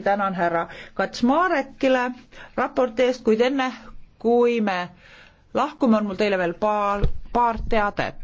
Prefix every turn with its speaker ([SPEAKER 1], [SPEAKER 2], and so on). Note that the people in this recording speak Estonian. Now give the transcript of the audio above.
[SPEAKER 1] tänan härra Katsmarekile raporti eest, kuid enne kui me lahkume, on mul teile veel paar, paar teadet.